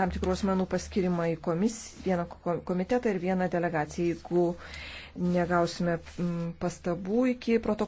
tam tikrų asmenų paskirimą į komis, vieną komitetą ir vieną delegaciją. Jeigu negausime mm, pastabų iki protokolo,